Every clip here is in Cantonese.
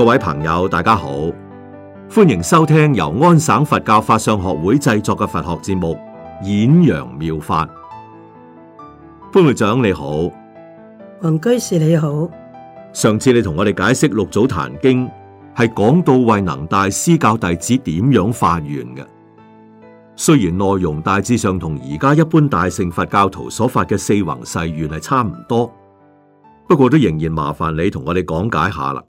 各位朋友，大家好，歡迎收聽由安省佛教法相學會製作嘅佛學節目《演揚妙法》。潘會長你好，黃居士你好。上次你同我哋解釋《六祖壇經》，係講到慧能大師教弟子點樣發願嘅。雖然內容大致上同而家一般大乘佛教徒所發嘅四弘誓願係差唔多，不過都仍然麻煩你同我哋講解下啦。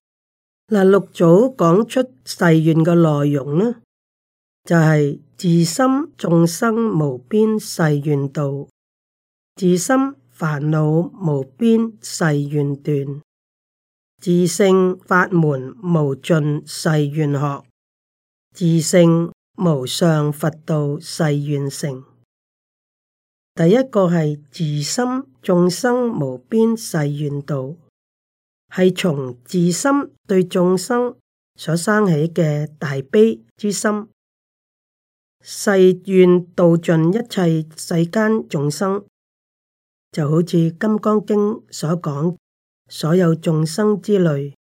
嗱，六祖講出誓願嘅內容呢？就係、是、自心眾生無邊誓願度」、「自心煩惱無邊誓願斷，自性法門無盡誓願學，自性無上佛道誓願成。第一個係自心眾生無邊誓願度」。係從自心對眾生所生起嘅大悲之心，誓願度盡一切世間眾生。就好似《金剛經》所講，所有眾生之類，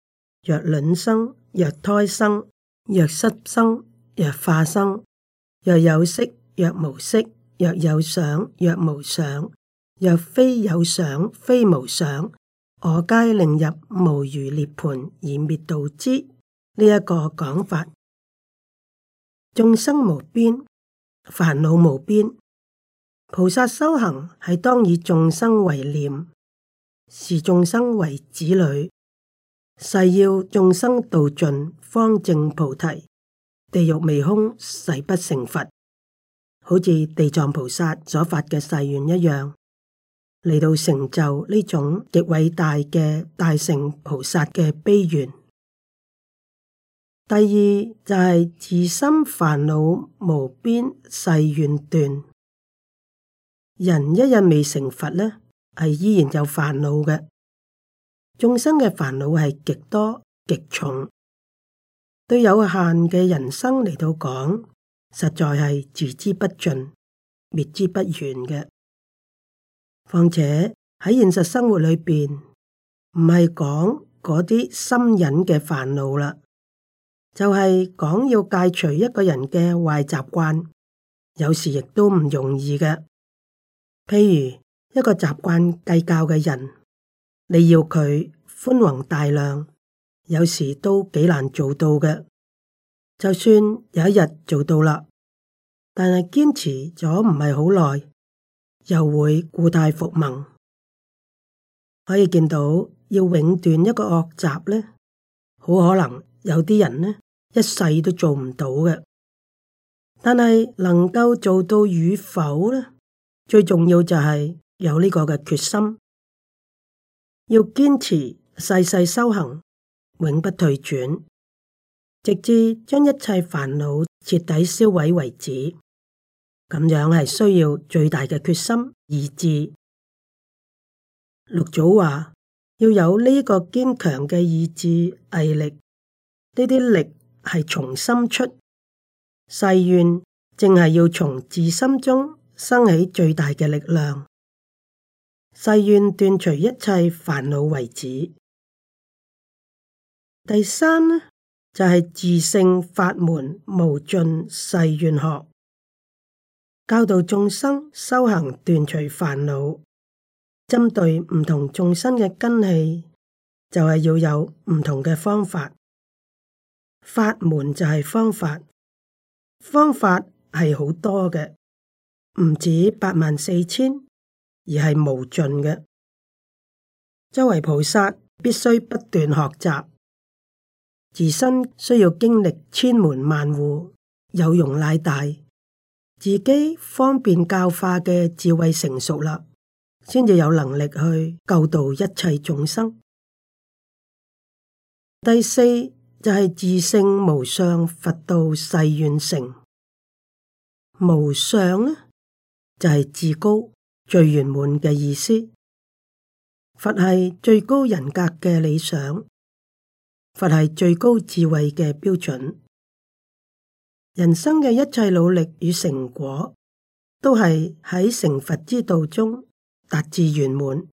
若卵生，若胎生，若濕生，若化生，若有色，若無色，若有想，若無想，若非有想，非無想。我皆令入無餘涅槃而滅道之，呢一個講法。眾生無邊，煩惱無邊，菩薩修行係當以眾生為念，視眾生為子女，誓要眾生度盡方證菩提。地獄未空，誓不成佛，好似地藏菩薩所發嘅誓願一樣。嚟到成就呢種極偉大嘅大乘菩薩嘅悲願。第二就係自心煩惱無邊誓願斷。人一日未成佛呢，係依然有煩惱嘅。眾生嘅煩惱係極多極重，對有限嘅人生嚟到講，實在係治之不盡，滅之不完嘅。況且喺現實生活裏邊，唔係講嗰啲心癮嘅煩惱啦，就係講要戒除一個人嘅壞習慣，有時亦都唔容易嘅。譬如一個習慣計較嘅人，你要佢寬宏大量，有時都幾難做到嘅。就算有一日做到啦，但係堅持咗唔係好耐。就會故態復萌，可以見到要永斷一個惡習呢，好可能有啲人呢一世都做唔到嘅。但係能夠做到與否呢？最重要就係有呢個嘅決心，要堅持世世修行，永不退轉，直至將一切煩惱徹底銷毀為止。咁樣係需要最大嘅決心意志。六祖話：要有呢個堅強嘅意志毅力，呢啲力係從心出。誓願正係要從自心中生起最大嘅力量，誓願斷除一切煩惱為止。第三呢，就係自性法門無盡誓願學。教導眾生修行斷除煩惱，針對唔同眾生嘅根器，就係、是、要有唔同嘅方法。法門就係方法，方法係好多嘅，唔止八萬四千，而係無盡嘅。作為菩薩，必須不斷學習，自身需要經歷千門萬戶，有容乃大。自己方便教化嘅智慧成熟啦，先至有能力去救度一切眾生。第四就係、是、自性無上，佛道誓願成。無上呢就係、是、至高最圓滿嘅意思。佛係最高人格嘅理想，佛係最高智慧嘅標準。人生嘅一切努力與成果，都係喺成佛之道中達至圓滿。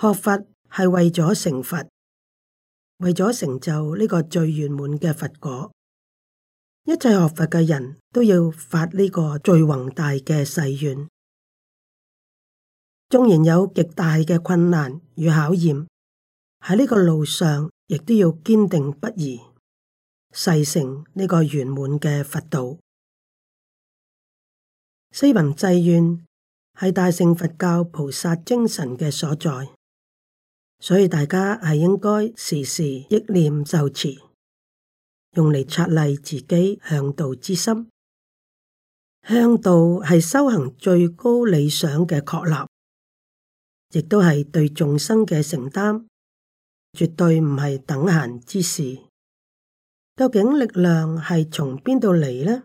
學佛係為咗成佛，為咗成就呢個最圓滿嘅佛果。一切學佛嘅人都要發呢個最宏大嘅誓願，縱然有極大嘅困難與考驗，喺呢個路上亦都要堅定不移。誓成呢個圓滿嘅佛道，四弘誓願係大乘佛教菩薩精神嘅所在，所以大家係應該時時憶念受持，用嚟策勵自己向道之心。向道係修行最高理想嘅確立，亦都係對眾生嘅承擔，絕對唔係等閒之事。究竟力量係從邊度嚟呢？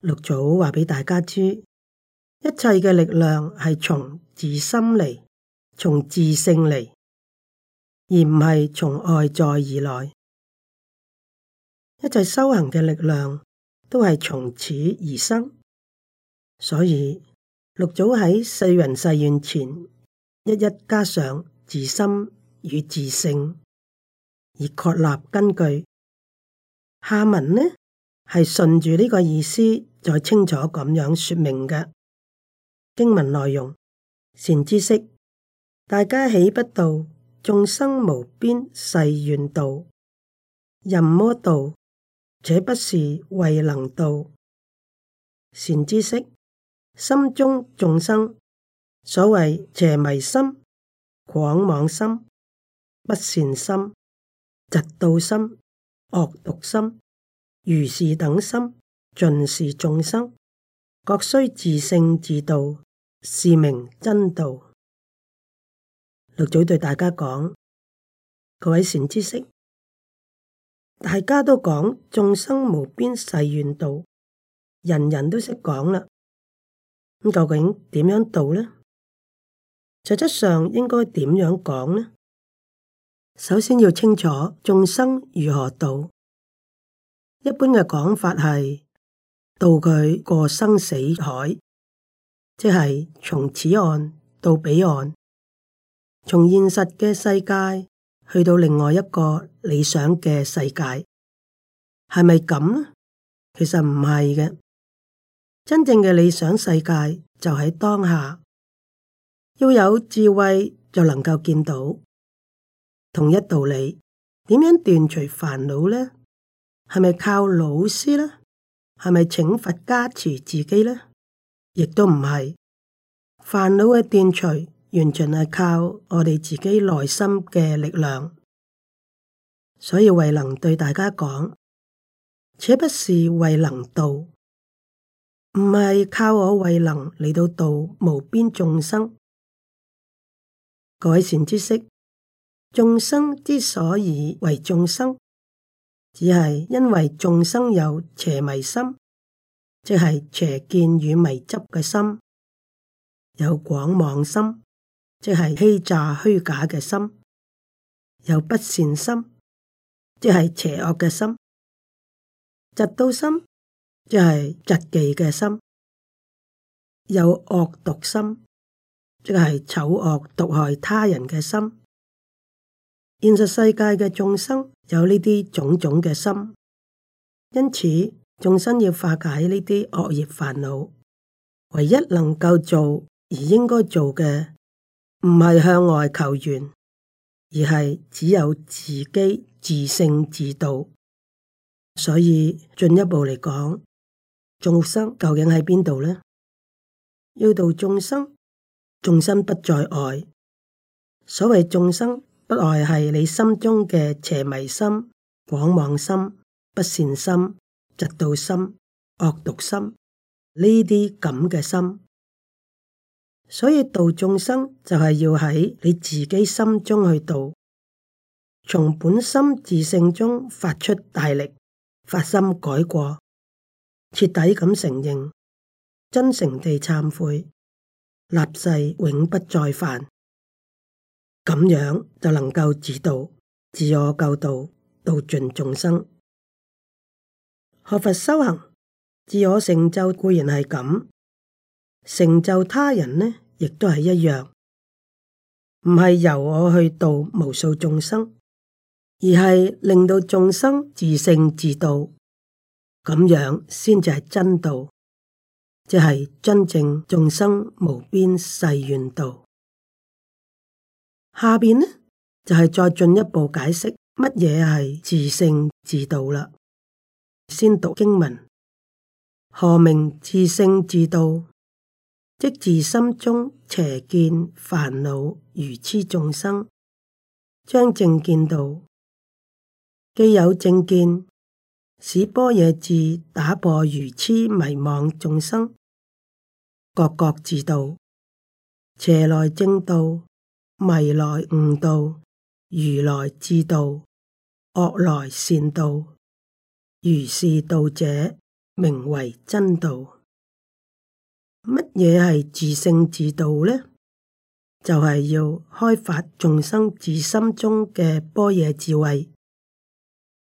六祖話俾大家知，一切嘅力量係從自心嚟，從自性嚟，而唔係從外在而來。一切修行嘅力量都係從此而生，所以六祖喺四弘誓願前，一一加上自心與自性，而確立根據。下文呢係順住呢個意思再清楚咁樣說明嘅經文內容。善知識，大家豈不道，眾生無邊誓願度；恁麼道，且不是惠能度。善知識，心中眾生所謂邪迷心、狂妄心、不善心、嫉妒心。惡毒心，如是等心盡是眾生，各須自性自度，是名真道。六祖對大家講：各位善知識，大家都講眾生無邊誓願度，人人都識講啦。咁究竟點樣度呢？實質上應該點樣講呢？首先要清楚眾生如何渡。一般嘅講法係渡佢過生死海，即係從此岸到彼岸，從現實嘅世界去到另外一個理想嘅世界，係咪咁呢？其實唔係嘅，真正嘅理想世界就喺當下，要有智慧就能夠見到。同一道理，點樣斷除煩惱呢？係咪靠老師呢？係咪請佛加持自己呢？亦都唔係，煩惱嘅斷除完全係靠我哋自己內心嘅力量。所以慧能對大家講，且不是慧能度，唔係靠我慧能嚟到度無邊眾生改善知識。眾生之所以為眾生，只係因為眾生有邪迷心，即係邪見與迷執嘅心；有廣妄心，即係欺詐虛假嘅心；有不善心，即係邪惡嘅心；嫉妒心，即係疾忌嘅心；有惡毒心，即係醜惡毒害他人嘅心。現實世界嘅眾生有呢啲種種嘅心，因此眾生要化解呢啲惡業煩惱，唯一能夠做而應該做嘅，唔係向外求援，而係只有自己自性自度。所以進一步嚟講，眾生究竟喺邊度呢？要度眾生，眾生不在外。所謂眾生。不外係你心中嘅邪迷心、誑妄心、不善心、嫉妒心、惡毒心呢啲咁嘅心，所以度眾生就係要喺你自己心中去度，從本心自性中發出大力，發心改過，徹底咁承認，真誠地懺悔，立誓永不再犯。咁樣就能夠自度、自我救度、度盡眾生。學佛修行、自我成就固然係咁，成就他人呢，亦都係一樣。唔係由我去度無數眾生，而係令到眾生自性自度。咁樣先至係真道，即係真正眾生無邊誓願度。下邊呢就係、是、再進一步解釋乜嘢係自性自度啦。先讀經文，何名自性自度？即自心中邪見煩惱愚痴眾生，將正見度，既有正見，使般若智打破愚痴迷妄眾生，各各自度，邪來正度。迷來悟道，愚來智道，惡來善道，如是道者名為真道。乜嘢係自性自道呢？就係、是、要開發眾生自心中嘅般若智慧，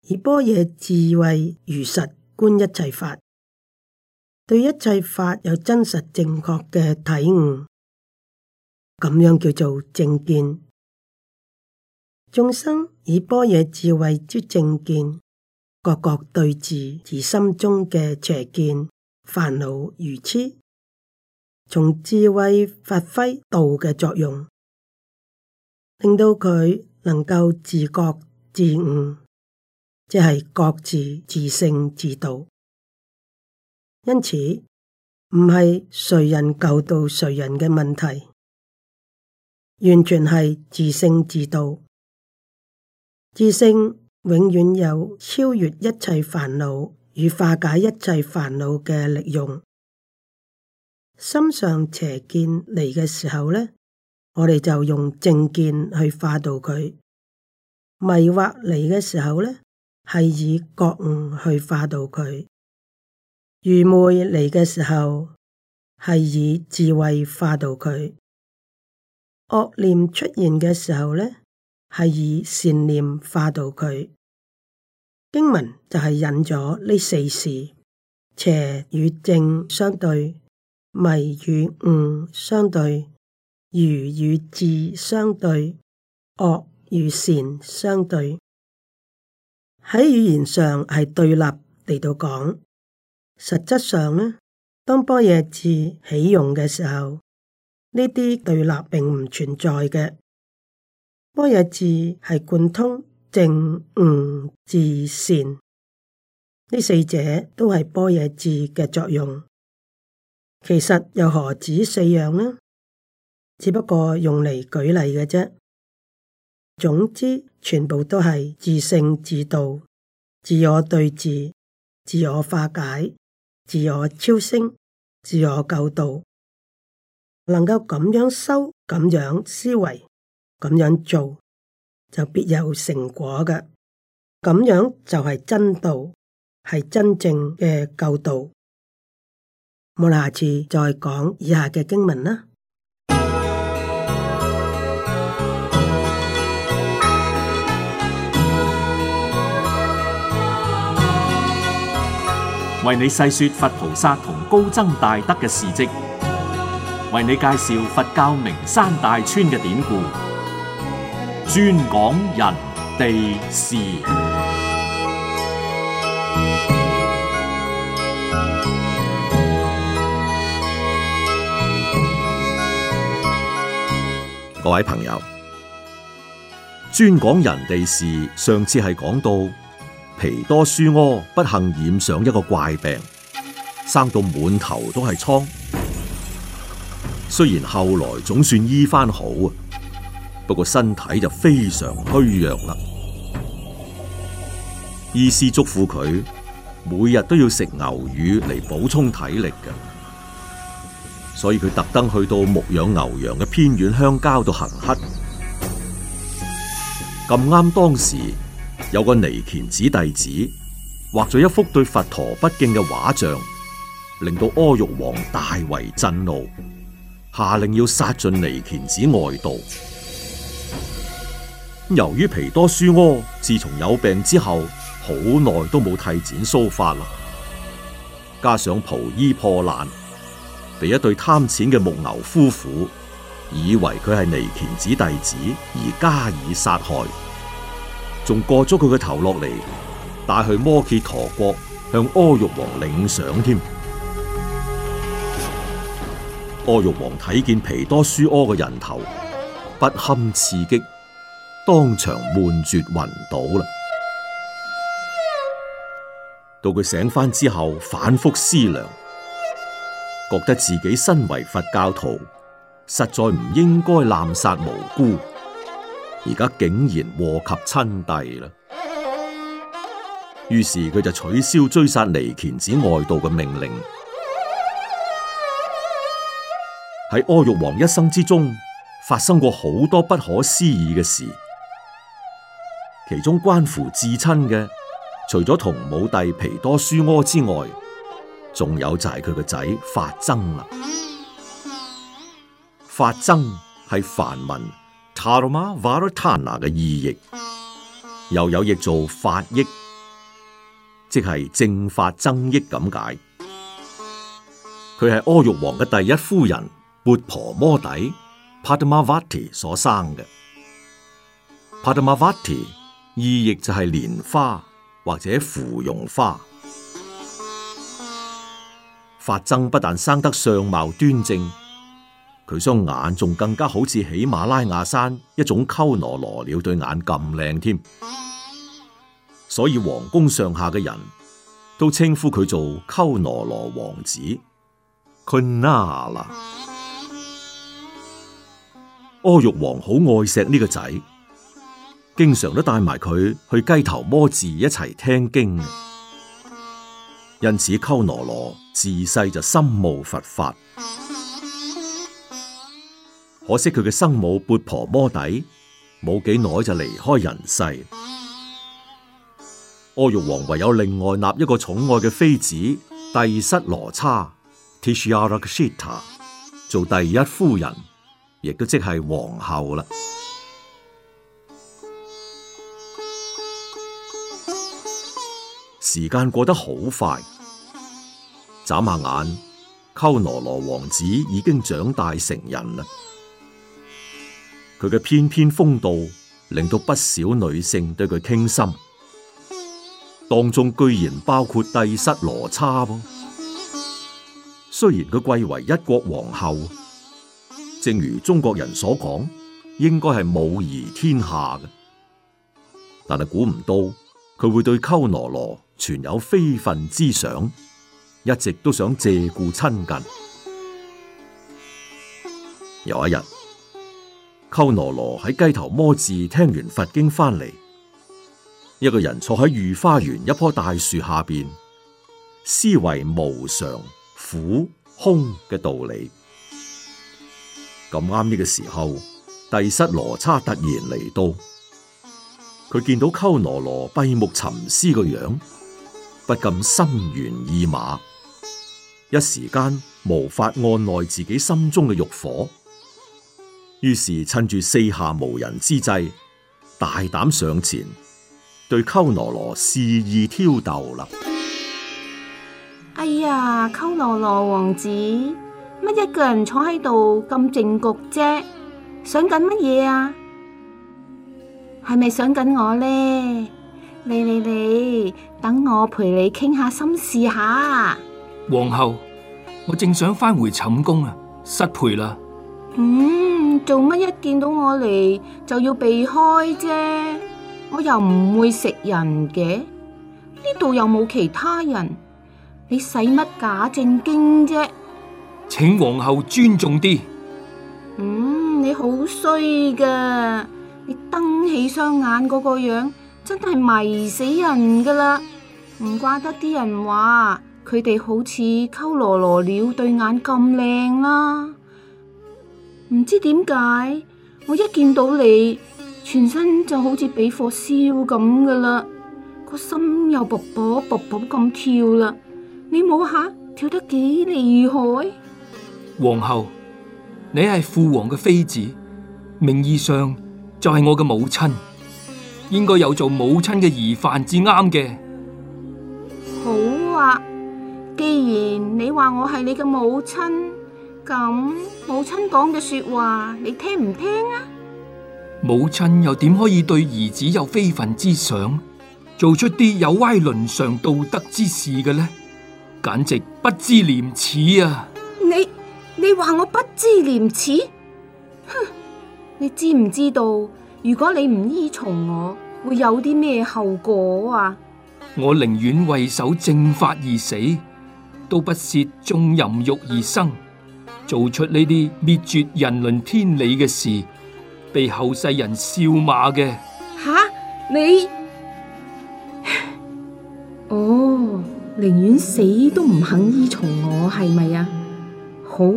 以般若智慧如實觀一切法，對一切法有真實正確嘅體悟。咁樣叫做正見，眾生以般若智慧之正見，各各對治，而心中嘅邪見、煩惱如痴，從智慧發揮道嘅作用，令到佢能夠自覺自悟，即係各自自性自度。因此唔係誰人救到誰人嘅問題。完全係自性自度，自性永遠有超越一切煩惱與化解一切煩惱嘅力用。心上邪見嚟嘅時候呢，我哋就用正見去化導佢；迷惑嚟嘅時候呢，係以覺悟去化導佢；愚昧嚟嘅時候，係以智慧化導佢。惡念出現嘅時候呢，係以善念化導佢。經文就係引咗呢四事：邪與正相對，迷與悟相對，愚與智相對，惡與善相對。喺語言上係對立嚟到講，實質上呢，當般若智起用嘅時候。呢啲對立並唔存在嘅，般若智係貫通正、唔、嗯、自善呢四者，都係般若智嘅作用。其實又何止四樣呢？只不過用嚟舉例嘅啫。總之，全部都係自性、自度、自我對治、自我化解、自我超升、自我救度。能夠咁樣修、咁樣思維、咁樣做，就必有成果嘅。咁樣就係真道，係真正嘅救道。我哋下次再講以下嘅經文啦。為你細說佛菩薩同高僧大德嘅事跡。為你介紹佛教名山大川嘅典故，專講人地事。各位朋友，專講人地事，上次係講到皮多書柯不幸染上一個怪病，生到滿頭都係瘡。雖然後來總算醫翻好啊，不過身體就非常虛弱啦。醫師囑咐佢每日都要食牛乳嚟補充體力嘅，所以佢特登去到牧養牛羊嘅偏遠鄉郊度行乞。咁啱當時有個尼乾子弟子畫咗一幅對佛陀不敬嘅畫像，令到阿育王大為震怒。下令要殺盡尼乾子外道。由於皮多舒柯自從有病之後，好耐都冇剃剪鬚髮啦，加上袍衣破爛，被一對貪錢嘅牧牛夫婦以為佢係尼乾子弟子而加以殺害，仲割咗佢嘅頭落嚟，帶去摩羯陀國向阿育王領賞添。阿育王睇見皮多輸柯嘅人頭，不堪刺激，當場悶絕暈倒啦。到佢醒翻之後，反覆思量，覺得自己身為佛教徒，實在唔應該濫殺無辜，而家竟然禍及親弟啦。於是佢就取消追殺尼乾子外道嘅命令。喺阿育王一生之中，發生過好多不可思議嘅事，其中關乎至親嘅，除咗同母弟皮多蘇柯之外，仲有就係佢個仔法增啦。法增係梵文 tarmavartana 嘅意譯，又有譯做法益，即係正法增益咁解。佢係阿育王嘅第一夫人。鉢婆摩底，帕特瑪瓦蒂所生嘅。帕特瑪瓦蒂意譯就係蓮花或者芙蓉花。法僧不但生得相貌端正，佢雙眼仲更加好似喜馬拉雅山一種溝羅羅鳥，鳥對眼咁靚添。所以皇宮上下嘅人都稱呼佢做溝羅羅王子。Kunala 阿育王好愛錫呢個仔，經常都帶埋佢去雞頭摩寺，一齊聽經。因此溝羅羅，鳩羅羅自細就心慕佛法。可惜佢嘅生母鉢婆摩底冇幾耐就離開人世。阿育王唯有另外納一個寵愛嘅妃子，帝室羅叉 （Tishyarakshita） 做第一夫人。亦都即係皇后啦。時間過得好快，眨下眼，鳩羅羅王子已經長大成人啦。佢嘅翩翩風度，令到不少女性對佢傾心，當中居然包括帝室羅差。雖然佢貴為一國皇后。正如中國人所講，應該係母儀天下嘅，但係估唔到佢會對鳩羅羅存有非分之想，一直都想借故親近。有一日，鳩羅羅喺雞頭摩寺，聽完佛經翻嚟，一個人坐喺御花園一棵大樹下邊，思維無常、苦、空嘅道理。咁啱呢個時候，帝室羅叉突然嚟到佢見到鳩羅羅閉目沉思個樣，不禁心猿意馬，一時間無法按捺自己心中嘅慾火，於是趁住四下無人之際，大膽上前對鳩羅羅肆意挑逗啦。哎呀，鳩羅羅王子！乜一個人坐喺度咁靜局啫、啊？想緊乜嘢啊？係咪想緊我咧？嚟嚟嚟，等我陪你傾下心事吓。皇后，我正想返回寢宮啊，失陪啦。嗯，做乜一見到我嚟就要避開啫？我又唔會食人嘅，呢度又冇其他人，你使乜假正經啫？請皇后尊重啲。嗯，你好衰噶！你瞪起雙眼嗰個樣，真係迷死人噶啦！唔怪得啲人話，佢哋好似溝羅羅鳥對眼咁靚啦。唔知點解，我一見到你，全身就好似俾火燒咁噶啦，個心又卜卜卜卜咁跳啦。你冇下、啊，跳得幾厲害？皇后，你係父皇嘅妃子，名義上就係我嘅母親，應該有做母親嘅儀範至啱嘅。好啊，既然你話我係你嘅母親，咁母親講嘅說話你聽唔聽啊？母親又點可以對兒子有非分之想，做出啲有歪倫常道德之事嘅呢？簡直不知廉恥啊！你。你話我不知廉恥？哼！你知唔知道，如果你唔依從我，會有啲咩後果啊？我寧願為守正法而死，都不屑縱淫慾而生。做出呢啲滅絕人倫天理嘅事，被後世人笑罵嘅。吓、啊、你？哦，寧願死都唔肯依從我，係咪啊？好。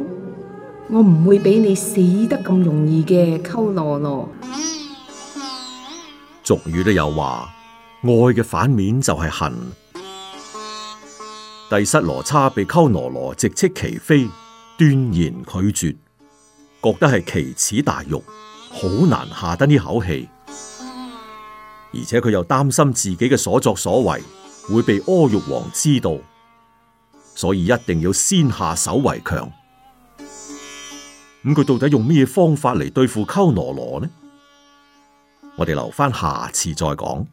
我唔會俾你死得咁容易嘅，鳩羅羅。俗語都有話，愛嘅反面就係恨。帝失羅叉被鳩羅羅直斥其非，斷然拒絕，覺得係奇恥大辱，好難下得呢口氣。而且佢又擔心自己嘅所作所為會被阿育王知道，所以一定要先下手為強。咁佢到底用咩方法嚟對付溝羅羅呢？我哋留翻下，下次再講。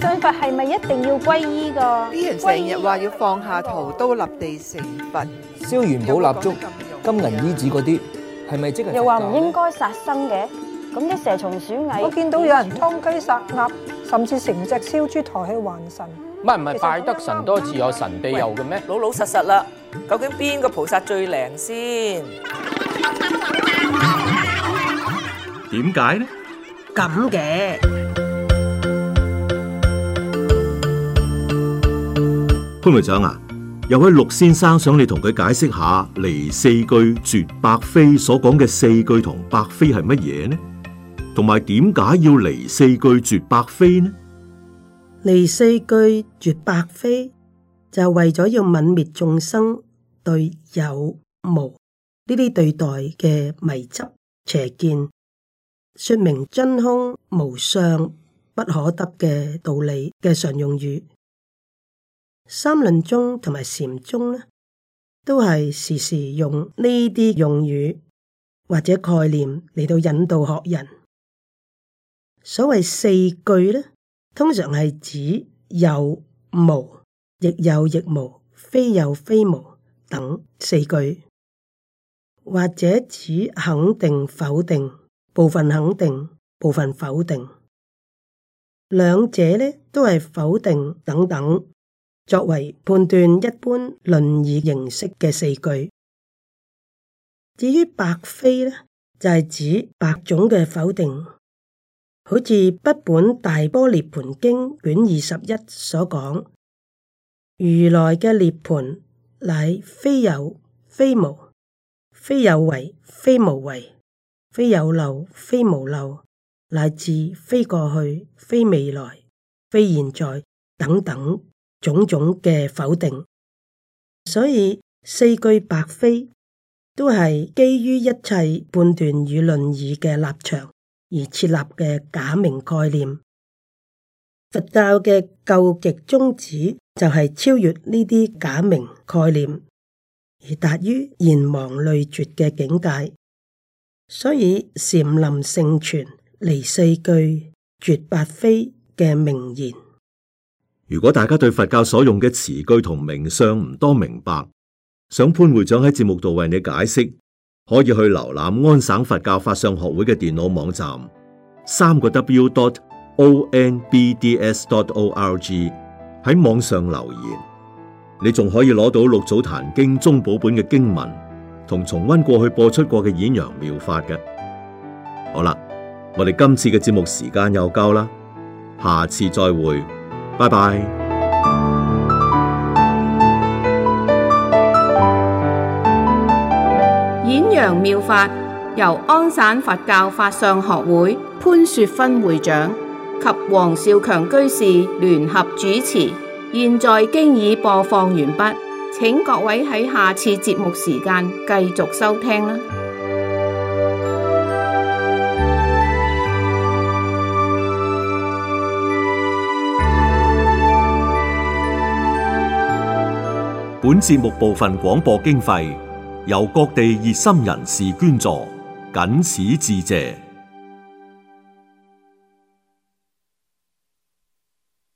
想佛係咪一定要皈依㗎？啲人成日話要放下屠刀立地成佛，燒元寶蠟燭、金銀衣紙嗰啲，係咪即係？又話唔應該殺生嘅？咁啲蛇蟲鼠蟻，我見到有人劏雞殺鴨，甚至成隻燒豬抬去還神。唔係唔係，拜得神多自有神庇佑嘅咩？老老實實啦。究竟邊個菩薩最靈先？點解呢？咁嘅潘會長啊，有位陸先生想你同佢解釋下離四句絕百非所講嘅四句同百非係乜嘢呢？同埋點解要離四句絕百非呢？離四句絕百非。就為咗要泯滅眾生，對有、無、呢啲對待嘅迷執、邪見，說明真空、無相、不可得嘅道理嘅常用語。三論宗同埋禪宗呢，都係時時用呢啲用語，或者概念嚟到引導學人。所謂四句呢，通常係指，有、無、亦有亦無、非有非無等四句，或者指肯定、否定、部分肯定、部分否定，兩者呢都係否定等等，作為判斷一般論語形式嘅四句。至於百非呢，就係、是、指百種嘅否定，好似《北本大波涅盤經卷》卷二十一所講。如來嘅涅槃，乃非有非無，非有為非無為，非有漏非無漏，乃至非過去非未來非現在等等種種嘅否定。所以四句百非，都係基於一切判斷與論議嘅立場而設立嘅假名概念。佛教嘅究極宗旨就係超越呢啲假名概念，而達於言亡慮絕嘅境界。所以禪林盛傳離四句絕百非嘅名言。如果大家對佛教所用嘅詞句同名相唔多明白，想潘會長喺節目度為你解釋，可以去瀏覽安省佛教法相學會嘅電腦網站，三個 W dot。o n b d s dot o r g 喺網上留言，你仲可以攞到《六祖壇經》中寶本嘅經文，同重溫過去播出過嘅演揚妙法嘅。好啦，我哋今次嘅節目時間又夠啦，下次再會，拜拜。演揚妙法由安省佛教法相學會潘雪芬會長，及黃少強居士聯合主持，現在經已播放完畢，請各位喺下次節目時間繼續收聽啦。本節目部分廣播經費由各地熱心人士捐助，謹此致謝。